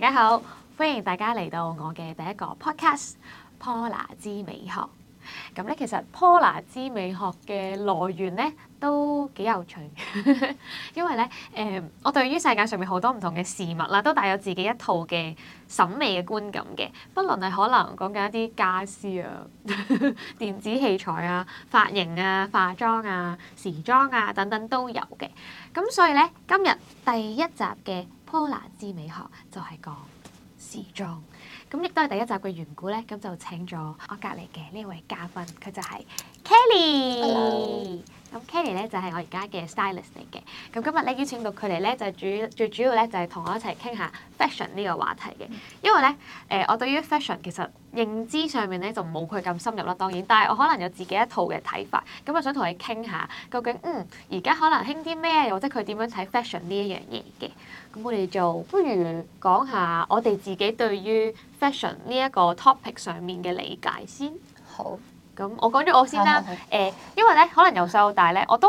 大家好，歡迎大家嚟到我嘅第一個 podcast《Paula 之美學》。咁咧，其實《Paula 之美學》嘅來源咧都幾有趣，因為咧，誒，我對於世界上面好多唔同嘅事物啦，都帶有自己一套嘅審美嘅觀感嘅。不論係可能講緊一啲家私啊、電子器材啊、髮型啊、化妝啊、時裝啊等等都有嘅。咁所以咧，今日第一集嘅。Polar 之美學就係、是、講時裝，咁亦都係第一集嘅緣故咧，咁就請咗我隔籬嘅呢位嘉賓，佢就係、是、Kellie。咁 Kellie 咧就係、是、我而家嘅 stylist 嚟嘅，咁今日咧邀請到佢嚟咧就主最主要咧就係、是、同我一齊傾下 fashion 呢個話題嘅，嗯、因為咧誒、呃、我對於 fashion 其實認知上面咧就冇佢咁深入啦，當然，但係我可能有自己一套嘅睇法，咁我想同佢傾下，究竟嗯而家可能興啲咩，又或者佢點樣睇 fashion 呢一樣嘢嘅，咁我哋就不如講下我哋自己對於 fashion 呢一個 topic 上面嘅理解先。好。咁我講咗我先啦，誒，因為咧可能由細到大咧，我都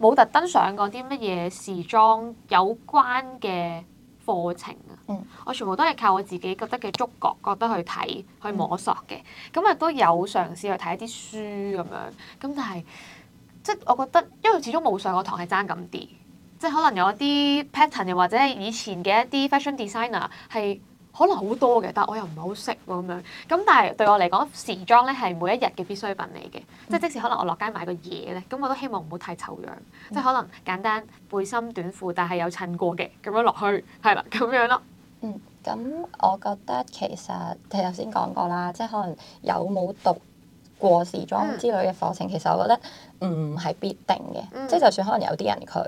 冇特登上過啲乜嘢時裝有關嘅課程啊，嗯、我全部都係靠我自己覺得嘅觸覺覺得去睇去摸索嘅，咁啊、嗯、都有嘗試去睇一啲書咁樣，咁但係即我覺得，因為始終冇上過堂係爭咁啲，即可能有一啲 pattern 又或者係以前嘅一啲 fashion designer 係。可能好多嘅，但我又唔係好識喎咁樣。咁但係對我嚟講，時裝咧係每一日嘅必需品嚟嘅。嗯、即係即使可能我落街買個嘢咧，咁我都希望唔好太醜樣。嗯、即係可能簡單背心短褲，但係有襯過嘅咁樣落去，係啦咁樣咯。樣，嗯，咁我覺得其實你頭先講過啦，即係可能有冇毒過時裝之類嘅課程，其實我覺得唔係必定嘅，嗯、即係就算可能有啲人佢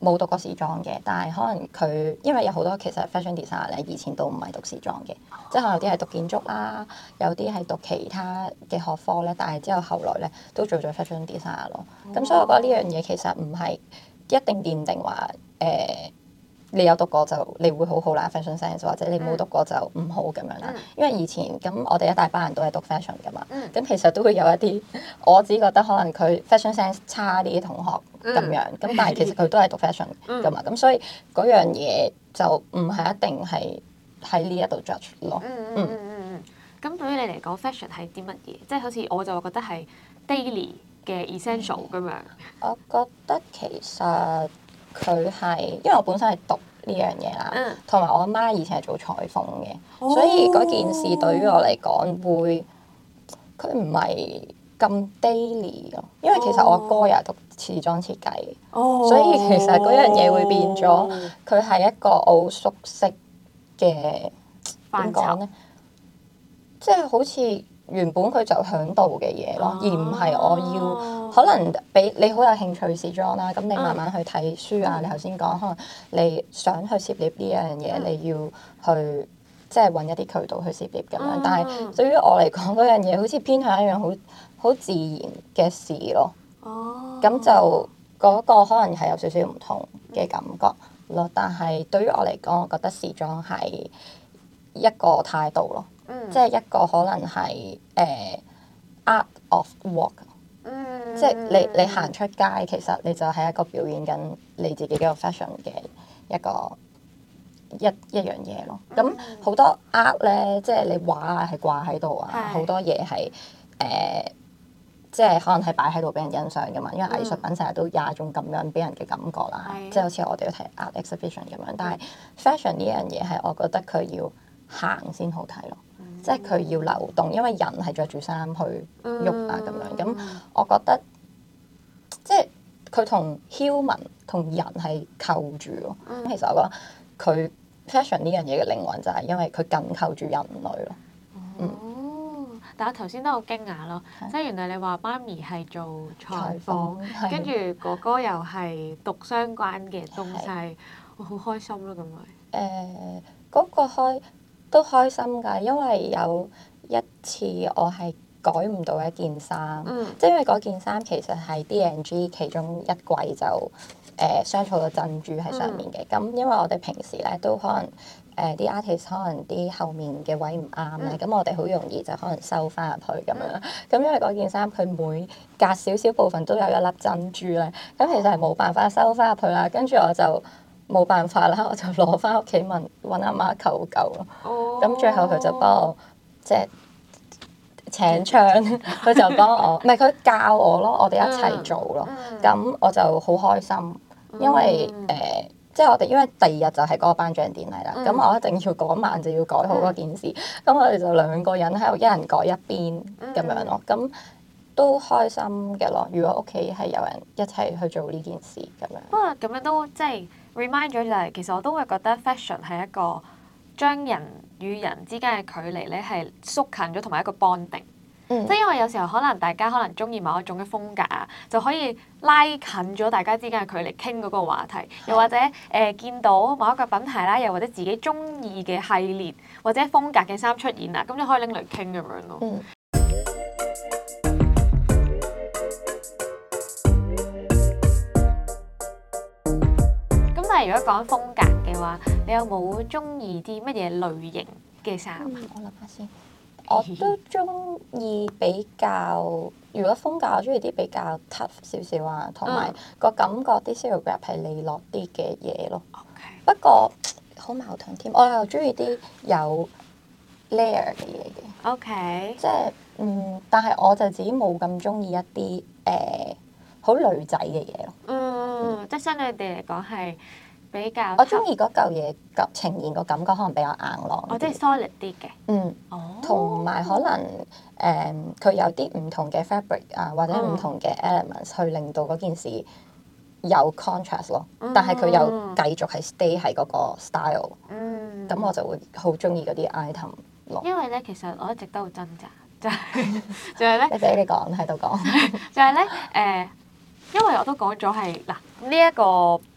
誒冇讀過時裝嘅，但係可能佢因為有好多其實 fashion designer 咧，以前都唔係讀時裝嘅，即係可能有啲係讀建築啦，有啲係讀其他嘅學科咧，但係之後後來咧都做咗 fashion designer 咯。咁、嗯、所以我覺得呢樣嘢其實唔係一定奠定話誒。呃你有讀過就你會好好啦 fashion sense，或者你冇讀過就唔好咁樣啦。因為以前咁我哋一大班人都係讀 fashion 噶嘛，咁、嗯、其實都會有一啲我只覺得可能佢 fashion sense 差啲同學咁樣，咁、嗯、但係其實佢都係讀 fashion 噶嘛，咁、嗯、所以嗰樣嘢就唔係一定係喺呢一度 judge 咯。咁對於你嚟講 fashion 係啲乜嘢？即、就、係、是、好似我就覺得係 daily 嘅 essential 咁樣、嗯。嗯、我覺得其實。佢係因為我本身係讀呢樣嘢啦，同埋、啊、我阿媽以前係做裁縫嘅，哦、所以嗰件事對於我嚟講會，佢唔係咁 daily 咯，因為其實我阿哥又係讀時裝設計，哦、所以其實嗰樣嘢會變咗，佢係、哦、一個好熟悉嘅，點講咧，愁即係好似。原本佢就喺度嘅嘢咯，而唔係我要、oh. 可能俾你好有興趣時裝啦。咁你慢慢去睇書啊。Oh. 你頭先講可能你想去涉獵呢樣嘢，oh. 你要去即係搵一啲渠道去涉獵咁樣。但係對於我嚟講，嗰樣嘢好似偏向一樣好好自然嘅事咯。哦，咁就嗰個可能係有少少唔同嘅感覺咯。但係對於我嚟講，我覺得時裝係一個態度咯。即係一個可能係誒、呃、art of walk 即係你你行出街，其實你就係一個表演緊你自己嘅 fashion 嘅一個一一樣嘢咯。咁好多 art 咧，即係你畫啊，係掛喺度啊，好多嘢係誒，即係可能係擺喺度俾人欣賞嘅嘛。因為藝術品成日都廿種咁樣俾人嘅感覺啦，是即係好似我哋要睇 art exhibition 咁樣。但係 fashion 呢樣嘢係我覺得佢要行先好睇咯。即係佢要流動，因為人係着住衫去喐啊咁樣。咁我覺得，即係佢同 human 同人係扣住咯。咁、嗯、其實我覺得，佢 fashion 呢樣嘢嘅靈魂就係因為佢緊扣住人類咯。哦、嗯！嗯、但係我頭先都好驚訝咯，即係是原來你話媽咪係做裁縫，跟住哥哥又係讀相關嘅東西，我好是、哦、開心咯咁咪。誒、呃，嗰、那個開。都開心㗎，因為有一次我係改唔到一件衫，嗯、即係因為嗰件衫其實係 D n G 其中一季就誒，鑲咗個珍珠喺上面嘅。咁、嗯、因為我哋平時咧都可能誒啲 artist 可能啲後面嘅位唔啱咧，咁、嗯、我哋好容易就可能收翻入去咁樣。咁、嗯、因為嗰件衫佢每隔少少部分都有一粒珍珠咧，咁其實係冇辦法收翻入去啦。跟住我就。冇辦法啦，我就攞翻屋企問揾阿媽求救咯。咁、oh. 最後佢就幫我即係請槍，佢就幫我，唔係佢教我咯。我哋一齊做咯。咁、mm. 我就好開心，因為誒即係我哋，因為第二日就係嗰個頒獎典禮啦。咁、mm. 我一定要嗰晚就要改好嗰件事。咁、mm. 我哋就兩個人喺度，一人改一邊咁樣咯。咁都開心嘅咯。如果屋企係有人一齊去做呢件事咁樣，哇、啊，過咁樣都即係。Remind 咗就係、是、其實我都會覺得 fashion 係一個將人與人之間嘅距離咧係縮近咗，同埋一個 bonding、嗯。即係因為有時候可能大家可能中意某一種嘅風格啊，就可以拉近咗大家之間嘅距離，傾嗰個話題，又或者誒是、呃、見到某一個品牌啦，又或者自己中意嘅系列或者風格嘅衫出現啦，咁你可以拎嚟傾咁樣咯。嗯如果講風格嘅話，你有冇中意啲乜嘢類型嘅衫啊？我諗下先，我都中意比較。如果風格，我中意啲比較 tough 少少啊，同埋個感覺啲 silhouette 係利落啲嘅嘢咯。OK，不過好矛盾添，我又中意啲有 layer 嘅嘢嘅。OK，即係嗯，但係我就自己冇咁中意一啲誒好女仔嘅嘢咯。嗯，嗯即係相對地嚟講係。比較，我中意嗰嚿嘢，呈現個感覺可能比較硬朗，我，我即係 solid 啲嘅，嗯，同埋可能誒，佢有啲唔同嘅 fabric 啊，或者唔同嘅 elements 去令到嗰件事有 contrast 咯，但係佢又繼續係 stay 喺嗰個 style，mm. 嗯，咁我就會好中意嗰啲 item 咯，因為咧，其實我一直都好掙扎，就係、是，就係咧，你俾你講喺度講，就係咧，誒、呃，因為我都講咗係嗱呢一個。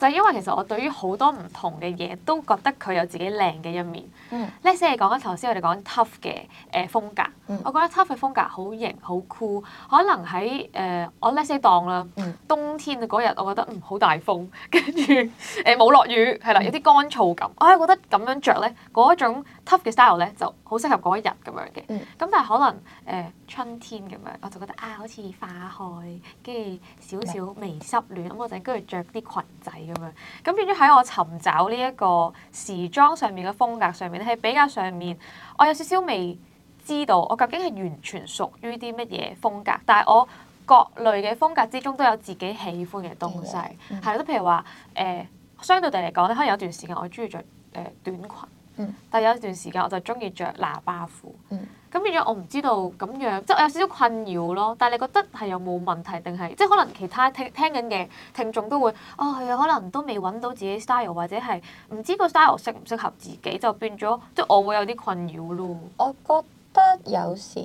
就因為其實我對於好多唔同嘅嘢都覺得佢有自己靚嘅一面。Let's say 講啊，頭先剛剛我哋講 tough 嘅誒風格，嗯、我覺得 tough 嘅風格好型好 cool。可能喺誒、呃、我 Let's say 當啦，冬天嗰日我覺得嗯好大風，跟住誒冇落雨係啦，有啲乾燥感，我係覺得咁樣著咧嗰一種 tough 嘅 style 咧就好適合嗰一日咁樣嘅。咁、嗯、但係可能誒、呃、春天咁樣，我就覺得啊好似花開，跟住少少微濕暖咁，我就跟住著啲裙仔。咁樣，咁變咗喺我尋找呢一個時裝上面嘅風格上面咧，係比較上面，我有少少未知道，我究竟係完全屬於啲乜嘢風格，但係我各類嘅風格之中都有自己喜歡嘅東西，係咯，譬如話，誒，相對地嚟講咧，可能有段時間我中意着誒短裙，但係有段時間我就中意着喇叭褲，咁變咗我唔知道咁樣，即係我有少少困擾咯。但係你覺得係有冇問題，定係即係可能其他聽聽緊嘅聽眾都會，哦係啊，可能都未揾到自己 style，或者係唔知個 style 適唔適合自己，就變咗即係我會有啲困擾咯。我覺得有時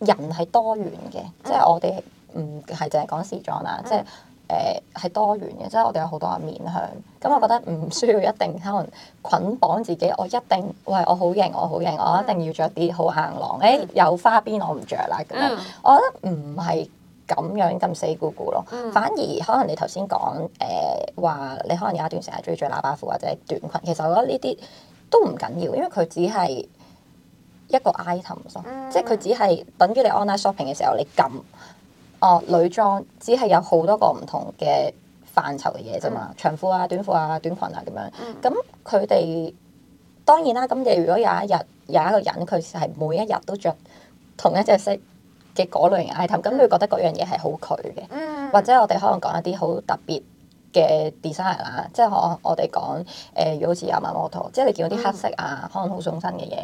人係多元嘅，嗯、即係我哋唔係淨係講時裝啦，嗯、即係。誒係、呃、多元嘅，即係我哋有好多面向。咁我覺得唔需要一定可能捆綁自己，我一定喂我好型，我好型，我一定要着啲好行浪。誒、欸、有花邊我唔着啦咁樣。嗯、我覺得唔係咁樣咁死咕咕咯。嗯、反而可能你頭先講誒話，呃、你可能有一段時間鍾意着喇叭褲或者短裙。其實我覺得呢啲都唔緊要，因為佢只係一個 item 即係佢只係等於你 online shopping 嘅時候，你撳。哦，女裝只係有好多個唔同嘅範疇嘅嘢啫嘛，的長褲啊、短褲啊、短裙啊咁樣。咁佢哋當然啦，咁你如果有一日有一個人，佢係每一日都着同一隻色嘅嗰類嘅 item，咁佢覺得嗰樣嘢係好佢嘅。嗯、或者我哋可能講一啲好特別。嘅 designer 啦，即係我我哋講誒，如果似 Yamamoto，即係你見到啲黑色、mm. 啊，可能好鬆身嘅嘢，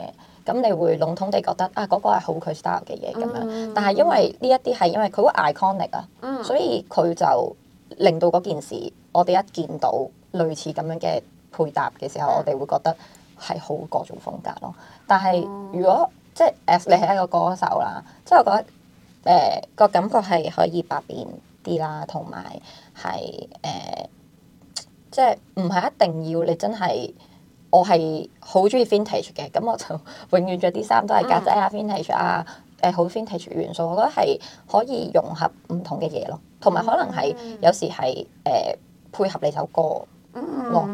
咁你會籠統地覺得啊，嗰個係好佢 style 嘅嘢咁樣。但係因為呢一啲係因為佢好 iconic 啊，mm. 所以佢就令到嗰件事，我哋一見到類似咁樣嘅配搭嘅時候，mm. 我哋會覺得係好各種風格咯。但係如果、mm. 即係 as 你係一個歌手啦，即係我覺得誒個、呃、感覺係可以百變。啲啦，同埋係，誒、呃，即係唔係一定要你真係，我係好中意 vintage 嘅，咁我就 永遠着啲衫都係格仔啊 vintage 啊，誒，好 vintage 元素，我覺得係可以融合唔同嘅嘢咯，同埋可能係、嗯、有時，係、呃、誒，配合你首歌、嗯、咯。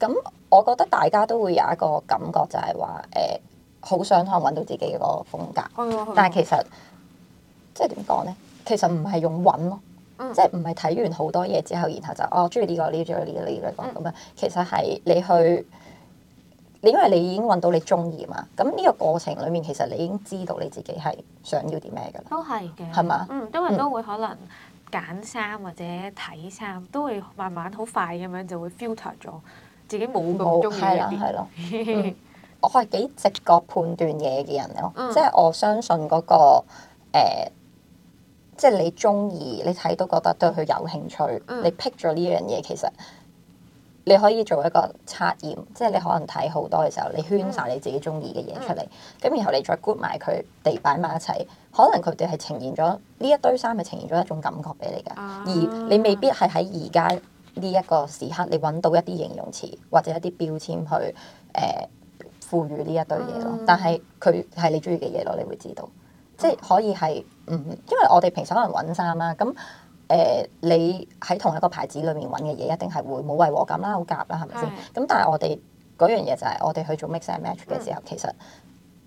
咁我覺得大家都會有一個感覺就，就係話，誒，好想可以揾到自己嗰個風格，嗯嗯、但係其實，即係點講咧？其實唔係用揾咯，即係唔係睇完好多嘢之後，然後就哦中意呢個呢、呢個呢、呢個呢、呢個咁、嗯、樣。其實係你去，你因為你已經揾到你中意嘛。咁呢個過程裡面，其實你已經知道你自己係想要啲咩噶啦。都係嘅，係嘛？嗯，因為都會可能揀衫或者睇衫，嗯、都會慢慢好快咁樣就會 filter 咗自己冇咁中意嗰啲。係咯、 嗯，我係幾直覺判斷嘢嘅人咯，嗯嗯、即係我相信嗰、嗰個、呃即係你中意，你睇都覺得對佢有興趣。嗯、你 pick 咗呢樣嘢，其實你可以做一個測驗。即係你可能睇好多嘅時候，你圈晒你自己中意嘅嘢出嚟，咁、嗯、然後你再 group 埋佢哋，擺埋一齊。可能佢哋係呈現咗呢一堆衫，係呈現咗一種感覺俾你㗎。嗯、而你未必係喺而家呢一個時刻，你揾到一啲形容詞或者一啲標籤去誒、呃、賦予呢一堆嘢咯。嗯、但係佢係你中意嘅嘢咯，你會知道。即係可以係嗯，因為我哋平時可能揾衫啦，咁誒、呃，你喺同一個牌子裏面揾嘅嘢一定係會冇違和感啦，好夾啦，係咪先？咁是但係我哋嗰樣嘢就係我哋去做 mix and match 嘅時候，嗯、其實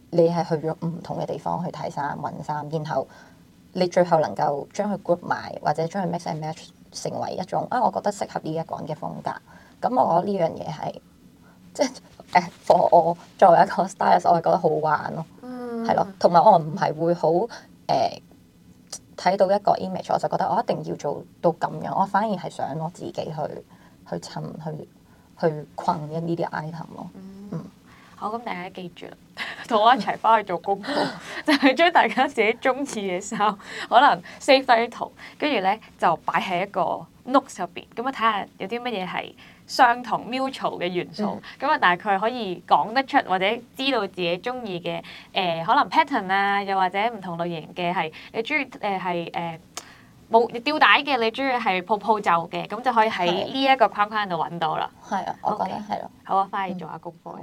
你係去咗唔同嘅地方去睇衫、揾衫，然後你最後能夠將佢 group 埋或者將佢 mix and match 成為一種啊，我覺得適合呢一個人嘅風格。咁我覺得呢樣嘢係即係誒，for 我作為一個 stylist，我係覺得好玩咯、哦。係咯，同埋、嗯、我唔係會好誒睇到一個 image，我就覺得我一定要做到咁樣。我反而係想我自己去去尋去去困一呢啲 item 咯、嗯。嗯，好，咁大家記住啦，同我一齊翻去做功課， 就係將大家自己中意嘅衫，可能 save 晒啲圖，跟住咧就擺喺一個 notes 入邊，咁啊睇下有啲乜嘢係。相同 mutual 嘅元素，咁啊、嗯，大概可以講得出或者知道自己中意嘅誒，可能 pattern 啊，又或者唔同類型嘅係你中意誒，係誒冇吊帶嘅，你中意係泡泡袖嘅，咁就可以喺呢一個框框度揾到啦。係啊，我覺得係咯。Okay, 的好啊，返去做下功課。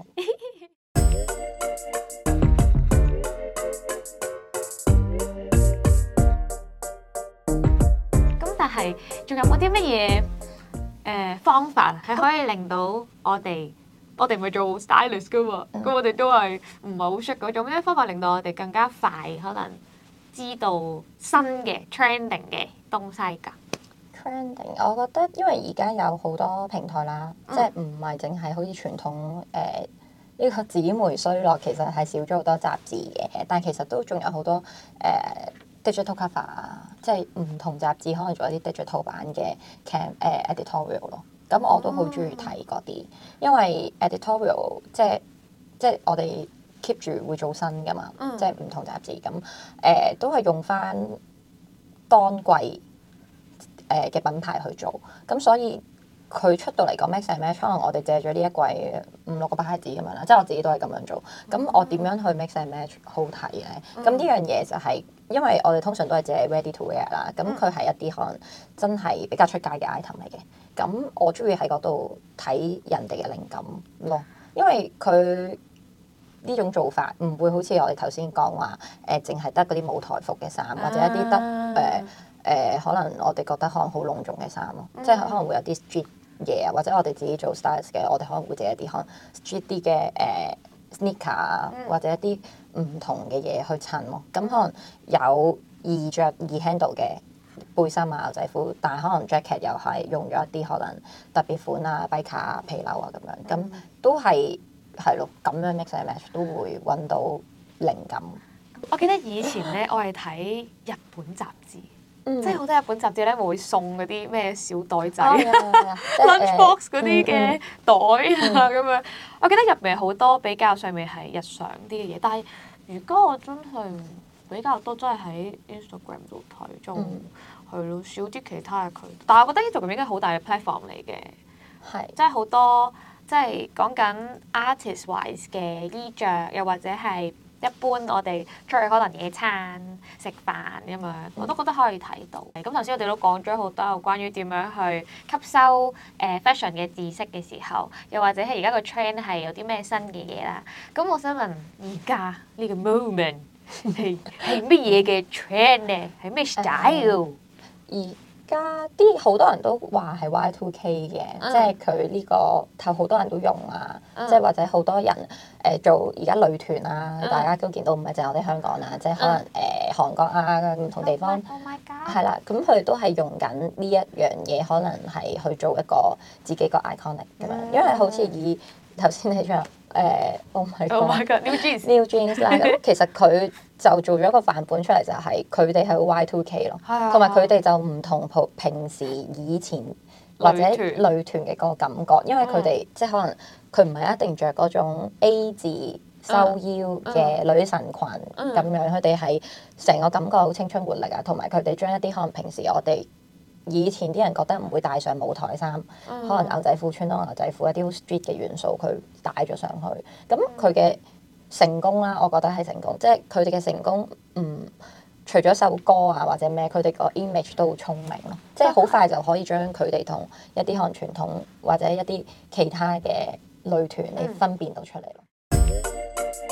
咁但係仲有冇啲乜嘢？誒、呃、方法係可以令到我哋，嗯、我哋咪做 stylist 噶嘛，咁、嗯、我哋都係唔係好熟嗰種，因為方法令到我哋更加快可能知道新嘅、嗯、trending 嘅東西㗎。trending，我覺得因為而家有好多平台啦，嗯、即係唔係淨係好似傳統誒呢、呃呢個紙媒衰落，其實係少咗好多雜誌嘅，但係其實都仲有好多誒、呃、digital cover。即係唔同雜誌可能做一啲 digital 版嘅 can 誒、呃、editorial 咯，咁我都好鍾意睇嗰啲，因為 editorial 即係即係我哋 keep 住會做新㗎嘛，嗯、即係唔同雜誌咁，誒、呃、都係用返當季誒嘅、呃、品牌去做，咁所以佢出到嚟 mix and match 係咩？可能我哋借咗呢一季五六個牌子咁樣啦，即係我自己都係咁樣做。咁、嗯、我點樣去 mix and match 好睇咧？咁呢樣嘢就係、是。因為我哋通常都係借 ready to wear 啦，咁佢係一啲可能真係比較出街嘅 item 嚟嘅。咁我中意喺嗰度睇人哋嘅靈感咯，因為佢呢種做法唔會好似我哋頭先講話，誒、呃，淨係得嗰啲舞台服嘅衫，或者一啲得誒誒、呃呃，可能我哋覺得可能好隆重嘅衫咯，即係可能會有啲 street 嘢啊，或者我哋自己做 style 嘅，我哋可能會借一啲可能 street 啲嘅誒 sneaker 啊，呃、sneaker，或者一啲。唔同嘅嘢去襯咯，咁可能有易着、易 handle 嘅背心啊、牛仔褲，但係可能 jacket 又係用咗一啲可能特別款啊，啊 Biker 啊皮褸啊咁樣，咁都係係咯，咁樣 mix and match 都會搵到靈感。我記得以前咧，我係睇日本雜誌，嗯、即係好多日本雜誌咧會送嗰啲咩小袋仔，lunchbox 啊、嗰啲嘅袋、嗯嗯、啊咁樣。我記得入面好多比較上面係日常啲嘅嘢，但係如果我真係比較多，真係喺 Instagram 度睇，就係咯，少啲其他嘅渠道。嗯，但係我覺得 Instagram 應該好大嘅 platform 嚟嘅，即係好多，即係講緊 artist wise 嘅衣著，又或者係。一般我哋出去可能野餐食飯咁樣，我都覺得可以睇到。咁頭先我哋都講咗好多關於點樣去吸收誒、呃、fashion 嘅知識嘅時候，又或者係而家個 trend 係有啲咩新嘅嘢啦。咁我想問而家呢個 moment 係咩嘢嘅 trend 咧？係咩 style？家啲好多人都話係 Y Two K 嘅，uh. 即係佢呢個頭好多人都用啊，即係、uh. 或者好多人誒、呃、做而家女團啊，uh. 大家都見到唔係淨係我哋香港啦、啊，uh. 即係可能誒、呃、韓國啊唔同地方，係、oh、my 啦，咁佢哋都係用緊呢一樣嘢，可能係去做一個自己個 iconic 咁樣，uh. 因為好似以頭先、uh. 你講。誒、uh，oh my god，new、oh、God, jeans，new jeans 啦。new jeans, 其實佢就做咗一個範本出嚟，就係佢哋係 Y two K 咯， 同埋佢哋就唔同普平時以前或者女團嘅個感覺，團因為佢哋、嗯、即係可能佢唔係一定着嗰種 A 字收腰嘅女神裙咁、嗯嗯嗯、樣，佢哋係成個感覺好青春活力啊，同埋佢哋將一啲可能平時我哋。以前啲人覺得唔會帶上舞台衫，uh huh. 可能牛仔褲穿咯，牛仔褲一啲好 street 嘅元素，佢帶咗上去。咁佢嘅成功啦，我覺得係成功，即係佢哋嘅成功。嗯，除咗首歌啊，或者咩，佢哋個 image 都好聰明咯，即係好快就可以將佢哋同一啲可能傳統或者一啲其他嘅樂團，你分辨到出嚟咯。Uh huh.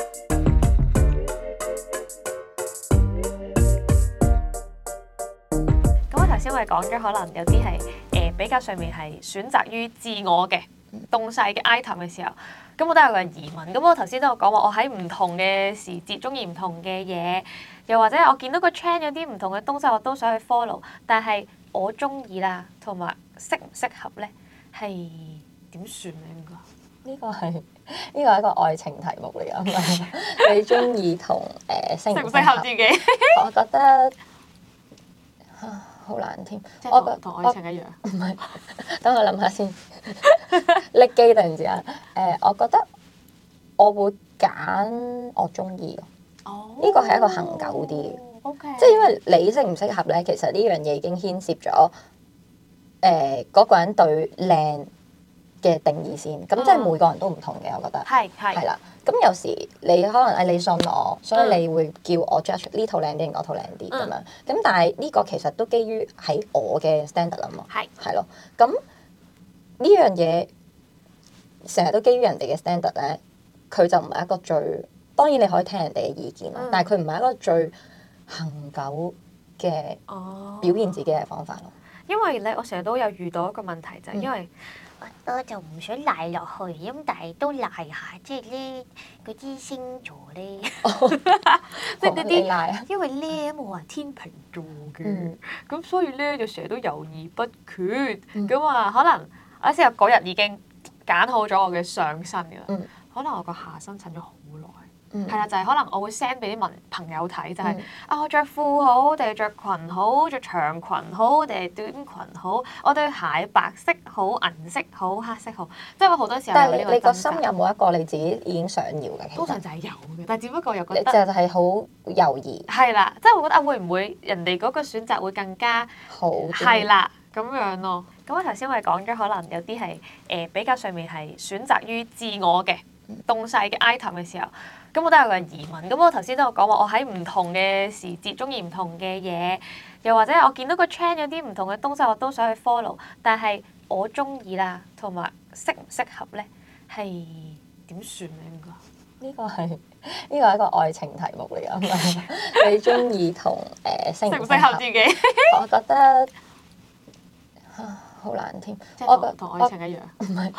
因為講咗可能有啲係誒比較上面係選擇於自我嘅動勢嘅 item 嘅時候，咁我都有個疑問。咁我頭先都有講話，我喺唔同嘅時節中意唔同嘅嘢，又或者我見到個 channel 有啲唔同嘅東西，我都想去 follow。但係我中意啦，同埋適唔適合咧，係點算咧？應該呢個係呢個係一個愛情題目嚟㗎， 你中意同誒適唔適合自己？ 我覺得。啊好難添，即係同同愛情一樣。唔係，等我諗下先。拎機定唔知啊？誒、呃，我覺得我會揀我中意嘅。哦，呢個係一個恒久啲嘅。OK，即係因為你適唔適合咧，其實呢樣嘢已經牽涉咗誒嗰個人對靚嘅定義先，咁即係每個人都唔同嘅，嗯、我覺得係係啦。咁有時你可能誒、哎，你信我，所以你會叫我 judge 呢套靚啲，嗰套靚啲咁樣。咁但係呢個其實都基於喺我嘅 standard 啦嘛。係係咯。咁呢樣嘢成日都基於人哋嘅 standard 咧，佢就唔係一個最當然你可以聽人哋嘅意見啦，嗯、但係佢唔係一個最恒久嘅表現自己嘅方法咯、哦。因為咧，我成日都有遇到一個問題就係、因為。嗯我就唔想賴落去，咁但係都賴下，即係咧嗰啲星座咧，即係啲賴啊，因為咧我係天秤座嘅，咁、嗯、所以咧就成日都猶豫不決咁啊。嗯嗯、可能我先嗰日已經揀好咗我嘅上身嘅，嗯、可能我個下身襯咗好耐。係啦、嗯，就係、是、可能我會 send 俾啲朋友睇，就係、是嗯、啊，着褲好，定係着裙好，着長裙好，定係短裙好，我對鞋白色好，銀色好，黑色好，即係話好多時候。你你個心有冇一個你自己已經想要嘅？通常就係有嘅，但係只不過又覺得就係好猶豫。係啦，即係我覺得啊，會唔會人哋嗰個選擇會更加好的？係啦，咁樣咯、哦。咁我頭先我咪講咗，可能有啲係誒比較上面係選擇於自我嘅、嗯、動勢嘅 item 嘅時候。咁我都有個疑問，咁我頭先都有講話，我喺唔同嘅時節中意唔同嘅嘢，又或者我見到個 channel 有啲唔同嘅東西，我都想去 follow，但係我中意啦，同埋適唔適合咧，係點算咧？應該呢個係呢個係一個愛情題目嚟㗎， 你中意同誒適唔適合自己？ 我覺得。 好難添，我覺得同愛情一樣。唔係，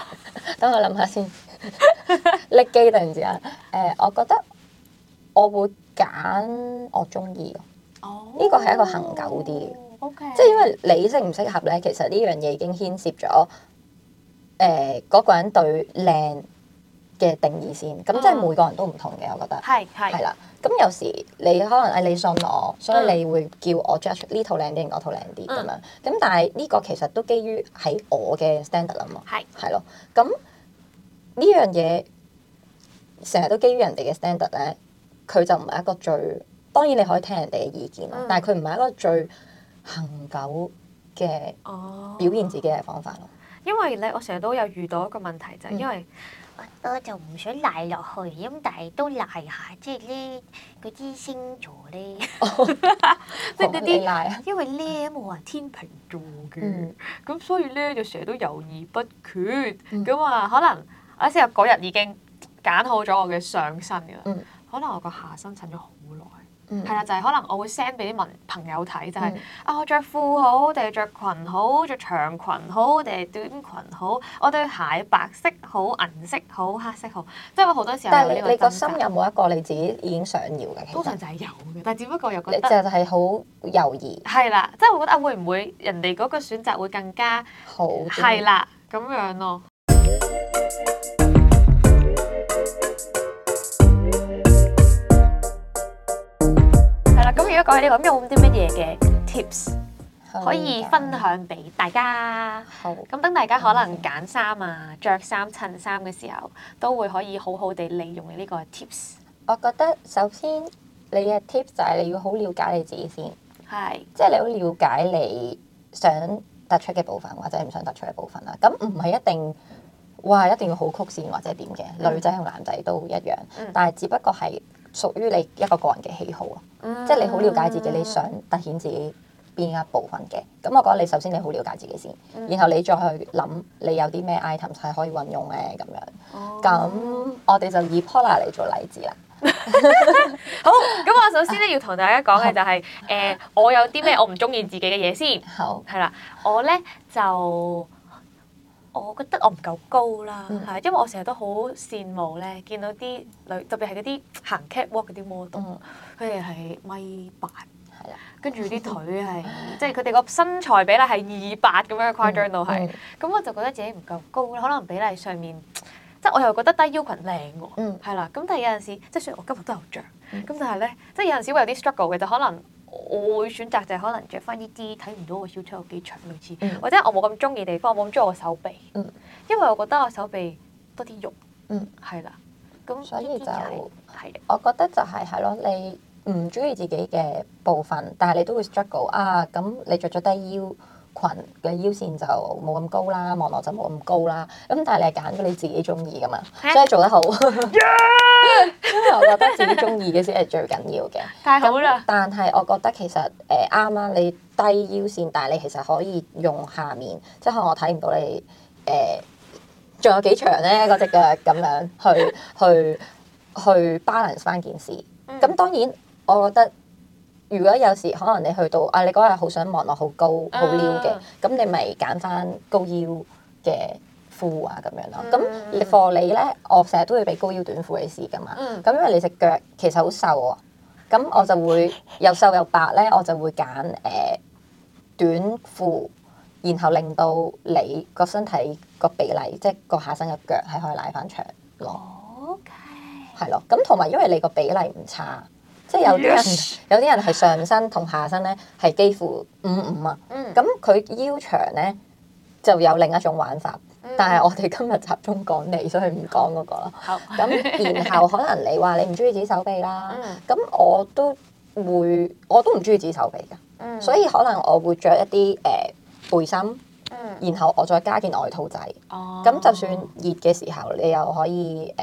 等我諗下先。拎機定唔知啊？誒、呃，我覺得我會揀我中意。哦，呢個係一個恒久啲嘅。OK，即係因為你適唔適合咧，其實呢樣嘢已經牽涉咗誒嗰個人對靚。嘅定義先，咁即係每個人都唔同嘅，嗯、我覺得係係啦。咁有時你可能誒、哎，你信我，所以你會叫我 judge 呢套靚啲，定嗰套靚啲咁樣。咁但係呢個其實都基於喺我嘅 standard 啊嘛。係係咯。咁呢樣嘢成日都基於人哋嘅 standard 咧，佢就唔係一個最當然你可以聽人哋嘅意見啊，嗯、但係佢唔係一個最恒久嘅表現自己嘅方法咯、哦。因為咧，我成日都有遇到一個問題，就係因為。因為我就唔想賴落去，咁但係都賴下，即係咧佢啲星座咧，即係嗰啲賴啊，因為咧冇係天平座嘅，咁、嗯、所以咧就成日都猶豫不決嘅嘛。嗯、可能我成日嗰日已經揀好咗我嘅上身嘅啦，可能我個下身襯咗。係啦、嗯，就係、是、可能我會 send 俾啲朋友睇，就係、是、啊，着、嗯哦、褲好，定係着裙好，着長裙好，定係短裙好，我對鞋白色好，銀色好，黑色好，即係好多時候。但係你個心有冇一個你自己已經想要嘅？通常就係有嘅，但係只不過又覺得就係好猶豫。係啦，即係我覺得啊，會唔會人哋嗰個選擇會更加好的？係啦，咁樣咯。如果講起呢個，有冇啲乜嘢嘅 tips 可以分享俾大家？好，咁等大家可能揀衫啊、着衫、襯衫嘅時候，都會可以好好地利用呢個 tips。我覺得首先你嘅 tips 就係你要好了解你自己先，係是，即係你好了解你想突出嘅部分，或者唔想突出嘅部分啦。咁唔係一定哇一定要好曲線或者點嘅，嗯、女仔同男仔都一樣，嗯、但係只不過係，屬於你一個個人嘅喜好啊，嗯、即係你好了解自己，嗯、你想凸顯自己邊一部分嘅，咁我覺得你首先你好了解自己先，嗯、然後你再去諗你有啲咩 item 係可以運用咧，咁樣。咁、哦、我哋就以 Polar 嚟做例子啦。 好，咁我首先咧要同大家講嘅就係、是，誒好、呃，我有啲咩我唔中意自己嘅嘢先。好，係啦，我咧就。我覺得我唔夠高啦，係因為我成日都好羨慕咧，見到啲女特別係嗰啲行 catwalk 嗰啲 model，佢哋係米八，係啦，跟住啲腿係，即係佢哋個身材比例係二八咁樣誇張到係，咁我就覺得自己唔夠高，可能比例上面，即係我又覺得低腰裙靚喎，係啦，咁但係有陣時，即係雖然我今日都有著，咁但係咧，即係有陣時會有啲 struggle 嘅，就可能。我會選擇就係可能着翻呢啲睇唔到我小腿有幾長類似，嗯、或者我冇咁中意地方冇咁中意我，我手臂，嗯、因為我覺得我手臂多啲肉，嗯，係啦。咁、就是、所以就係，的我覺得就係係咯，你唔中意自己嘅部分，但係你都會 struggle 啊。咁你着咗低腰裙嘅腰線就冇咁高啦，望落就冇咁高啦。咁但係你係揀咗你自己中意㗎嘛，所以做得好。啊 yeah! 因為 我覺得自己中意嘅先係最緊要嘅，好啦、嗯。但係我覺得其實誒、啱、呃、啱你低腰線，但係你其實可以用下面，即、就、係、是、我睇唔到你誒、仲、呃、有幾長咧嗰隻腳咁樣去去去 balance 翻件事。咁、嗯嗯、當然，我覺得如果有時可能你去到啊，你嗰日好想望落好高好撩嘅，咁、嗯、你咪揀翻高腰嘅。褲啊咁樣咯，咁 for 你咧，我成日都會俾高腰短褲你試噶嘛。咁、嗯、因為你隻腳其實好瘦啊，咁我就會、嗯、又瘦又白咧，我就會揀誒、呃、短褲，然後令到你個身體個比例，即係個下身嘅腳係可以拉翻長咯。係咯、哦，咁同埋因為你個比例唔差，即係有啲人 Yes. 有啲人係上身同下身咧係幾乎五五啊。咁佢、嗯、腰長咧就有另一種玩法。但係我哋今日集中講你，所以唔講嗰個啦。好。咁然後可能你話你唔中意自己手臂啦。嗯。咁我都會，我都唔中意自己手臂嘅。嗯。所以可能我會著一啲誒背心。嗯。然後我再加件外套仔。哦。咁就算熱嘅時候，你又可以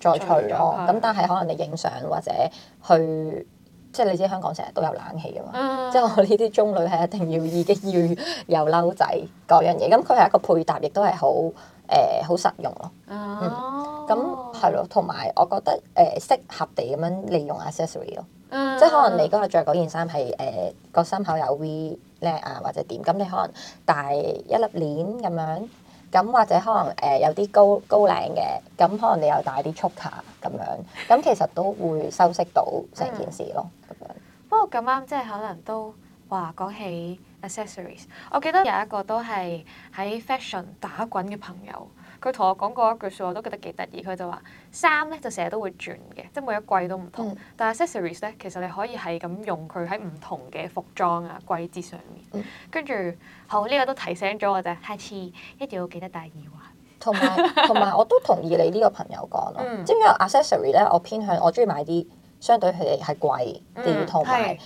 誒再除咗。咁但係可能你影相或者去。即係你知香港成日都有冷氣啊嘛，uh, 即係我呢啲中女係一定要已經 要有褸仔嗰樣嘢，咁佢係一個配搭，亦都係好誒好實用咯。Uh, 嗯，咁係咯，同埋我覺得誒、呃、適合地咁樣利用 accessory 咯，uh, 即係可能你嗰日着嗰件衫係誒個心口有 V 領、呃、啊，或者點，咁你可能戴一粒鏈咁樣。咁或者可能誒有啲高高領嘅，咁可能你又帶啲 cuff 卡咁樣，咁其實都會修飾到成件事咯，咁、哎、呀樣。不過咁啱即係可能都話講起 accessories，我記得有一個都係喺 fashion 打滾嘅朋友。佢同我講過一句説話，我都覺得幾得意。佢就話：衫咧就成日都會轉嘅，即係每一季都唔同。嗯、但係 accessories 咧，其實你可以係咁用佢喺唔同嘅服裝啊季節上面。跟住、嗯、好呢、呢個都提醒咗我啫，下次一定要記得帶耳環。同埋同埋我都同意你呢個朋友講咯。因為 accessory 咧，我偏向我中意買啲。相對佢哋係貴啲，同埋誒，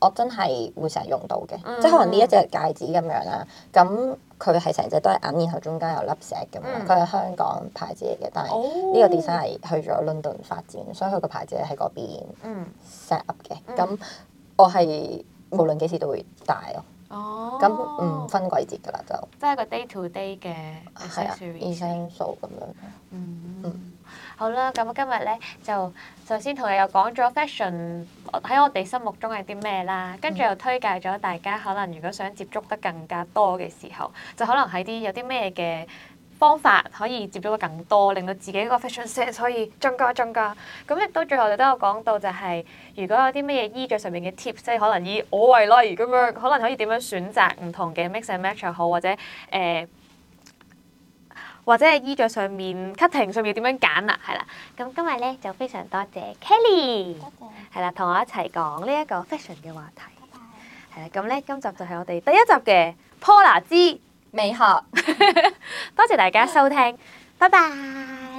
我真係會成日用到嘅，即係可能呢一隻戒指咁樣啦。咁佢係成隻都係銀，然後中間有粒石咁樣。佢係香港牌子嚟嘅，但係呢個 design 係去咗倫敦發展，所以佢個牌子喺嗰邊。嗯。set up 嘅，咁我係無論幾時都會戴咯。哦。咁唔分季節噶啦，就。即係個 day to day 嘅。係啊，日常數咁樣。嗯。好啦，咁今日咧就首先同你又講咗 fashion 喺我哋心目中係啲咩啦，跟住又推介咗大家可能如果想接觸得更加多嘅時候，就可能喺啲有啲咩嘅方法可以接觸得更多，令到自己個 fashion sense 可以增加增加。咁亦都最後我都有講到就係、是、如果有啲咩嘢衣著上面嘅 tips，即係可能以我為例咁樣，可能可以點樣選擇唔同嘅 mix and match 好，或者誒。呃或者係衣着上面 cutting 上面點樣揀啦，係啦。咁今日咧就非常多謝 Kelly，多謝 Kelly，係啦，同我一齊講呢一個 fashion 嘅話題。係啦謝，咁咧今集就係我哋第一集嘅 Pola 之美學。 多謝大家收聽，拜拜謝。Bye bye